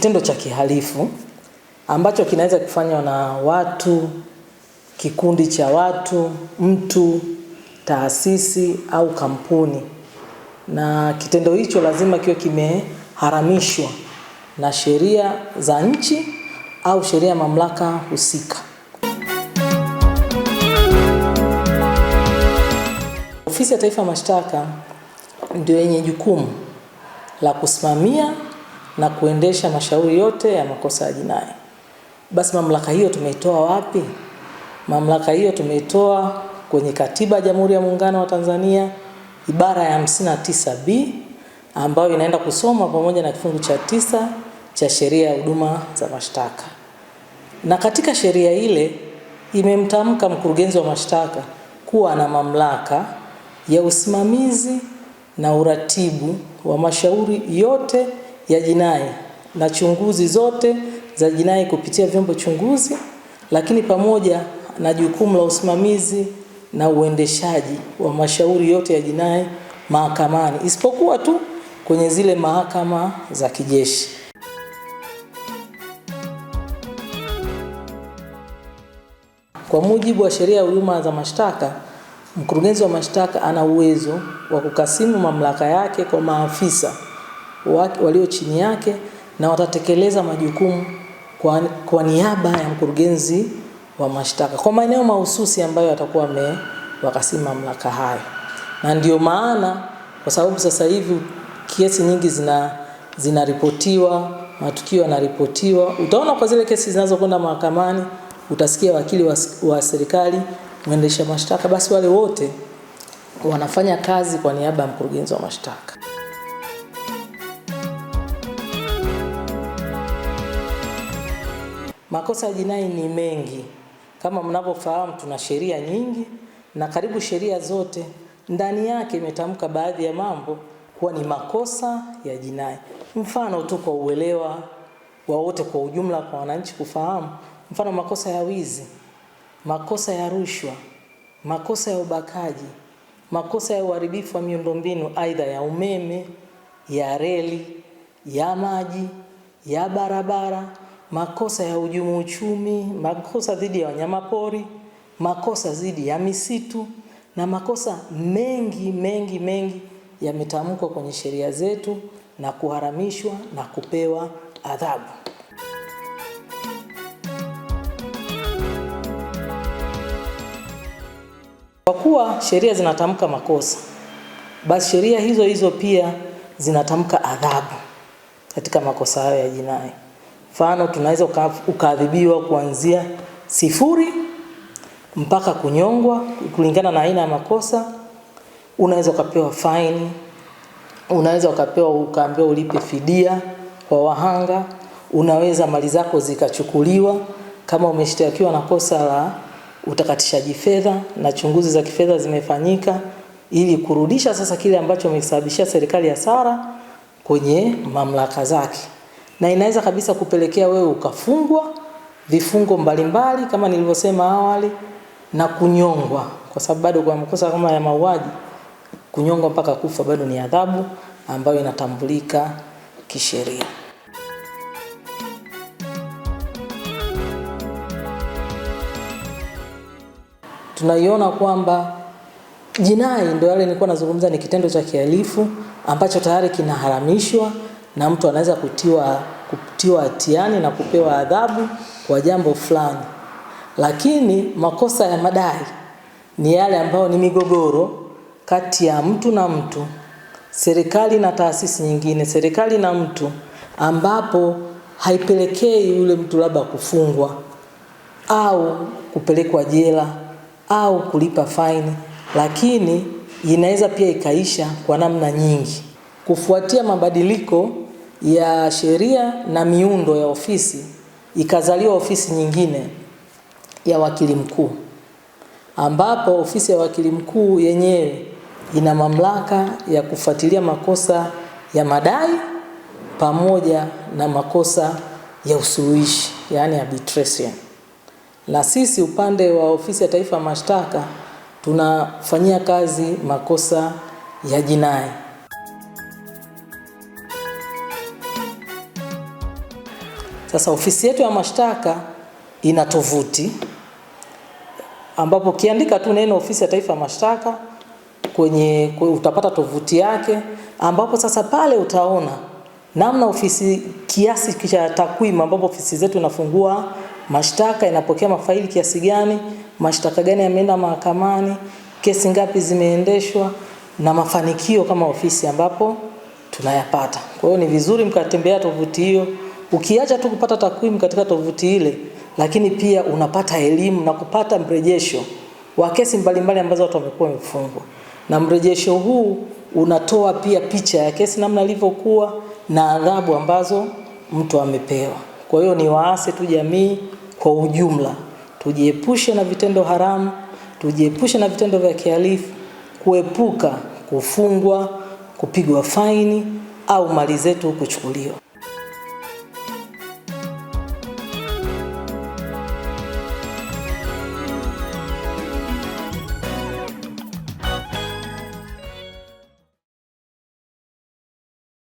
kitendo cha kihalifu ambacho kinaweza kufanywa na watu, kikundi cha watu, mtu, taasisi au kampuni, na kitendo hicho lazima kiwe kimeharamishwa na sheria za nchi au sheria ya mamlaka husika. Ofisi ya Taifa ya Mashtaka ndio yenye jukumu la kusimamia na kuendesha mashauri yote ya makosa ya jinai. Basi mamlaka hiyo tumeitoa wapi? Mamlaka hiyo tumeitoa kwenye Katiba ya Jamhuri ya Muungano wa Tanzania ibara ya 59B ambayo inaenda kusoma pamoja na kifungu cha tisa cha sheria ya huduma za mashtaka. Na katika sheria ile imemtamka mkurugenzi wa mashtaka kuwa na mamlaka ya usimamizi na uratibu wa mashauri yote ya jinai na chunguzi zote za jinai kupitia vyombo chunguzi, lakini pamoja na jukumu la usimamizi na uendeshaji wa mashauri yote ya jinai mahakamani isipokuwa tu kwenye zile mahakama za kijeshi. Kwa mujibu wa sheria ya huduma za mashtaka, mkurugenzi wa mashtaka ana uwezo wa kukasimu mamlaka yake kwa maafisa walio chini yake na watatekeleza majukumu kwa, kwa niaba ya mkurugenzi wa mashtaka kwa maeneo mahususi ambayo atakuwa amewakasima mamlaka hayo. Na ndio maana kwa sababu sasa hivi kesi nyingi zina zinaripotiwa, matukio yanaripotiwa, utaona kwa zile kesi zinazokwenda mahakamani utasikia wakili wa, wa serikali, mwendesha mashtaka, basi wale wote wanafanya kazi kwa niaba ya mkurugenzi wa mashtaka. Makosa ya jinai ni mengi, kama mnavyofahamu, tuna sheria nyingi na karibu sheria zote ndani yake imetamka baadhi ya mambo kuwa ni makosa ya jinai. Mfano tu kwa uelewa wa wote kwa ujumla, kwa wananchi kufahamu, mfano makosa ya wizi, makosa ya rushwa, makosa ya ubakaji, makosa ya uharibifu wa miundombinu aidha ya umeme, ya reli, ya maji, ya barabara makosa ya hujumu uchumi, makosa dhidi ya wanyamapori, makosa dhidi ya misitu na makosa mengi mengi mengi yametamkwa kwenye sheria zetu na kuharamishwa na kupewa adhabu. Kwa kuwa sheria zinatamka makosa, basi sheria hizo hizo pia zinatamka adhabu katika makosa hayo ya jinai. Mfano, tunaweza ukaadhibiwa kuanzia sifuri mpaka kunyongwa kulingana na aina ya makosa. Unaweza ukapewa faini, unaweza ukapewa ukaambiwa ulipe fidia kwa wahanga, unaweza mali zako zikachukuliwa kama umeshtakiwa na kosa la utakatishaji fedha na chunguzi za kifedha zimefanyika ili kurudisha sasa kile ambacho umesababishia serikali hasara kwenye mamlaka zake na inaweza kabisa kupelekea wewe ukafungwa vifungo mbalimbali kama nilivyosema awali na kunyongwa, kwa sababu bado kwa makosa kama ya mauaji kunyongwa mpaka kufa bado ni adhabu ambayo inatambulika kisheria. Tunaiona kwamba jinai, ndio yale nilikuwa nazungumza, ni kitendo cha kihalifu ambacho tayari kinaharamishwa na mtu anaweza kutiwa kutiwa hatiani na kupewa adhabu kwa jambo fulani, lakini makosa ya madai ni yale ambayo ni migogoro kati ya mtu na mtu, serikali na taasisi nyingine, serikali na mtu, ambapo haipelekei yule mtu labda kufungwa au kupelekwa jela au kulipa faini, lakini inaweza pia ikaisha kwa namna nyingi. Kufuatia mabadiliko ya sheria na miundo ya ofisi ikazaliwa ofisi nyingine ya wakili mkuu, ambapo ofisi ya wakili mkuu yenyewe ina mamlaka ya kufuatilia makosa ya madai pamoja na makosa ya usuluhishi, yani arbitration. Na sisi upande wa ofisi ya taifa ya mashtaka tunafanyia kazi makosa ya jinai. Sasa ofisi yetu ya mashtaka ina tovuti ambapo ukiandika tu neno ofisi ya taifa ya mashtaka kwenye utapata tovuti yake, ambapo sasa pale utaona namna ofisi kiasi cha takwimu, ambapo ofisi zetu inafungua mashtaka, inapokea mafaili kiasi gani, mashtaka gani yameenda mahakamani, kesi ngapi zimeendeshwa na mafanikio kama ofisi ambapo tunayapata. Kwa hiyo ni vizuri mkatembea tovuti hiyo. Ukiacha tu kupata takwimu katika tovuti ile, lakini pia unapata elimu na kupata mrejesho wa kesi mbalimbali ambazo watu wamekuwa wamefungwa, na mrejesho huu unatoa pia picha ya kesi namna ilivyokuwa na adhabu ambazo mtu amepewa. Kwa hiyo ni waase tu jamii kwa ujumla, tujiepushe na vitendo haramu, tujiepushe na vitendo vya kihalifu, kuepuka kufungwa, kupigwa faini au mali zetu kuchukuliwa.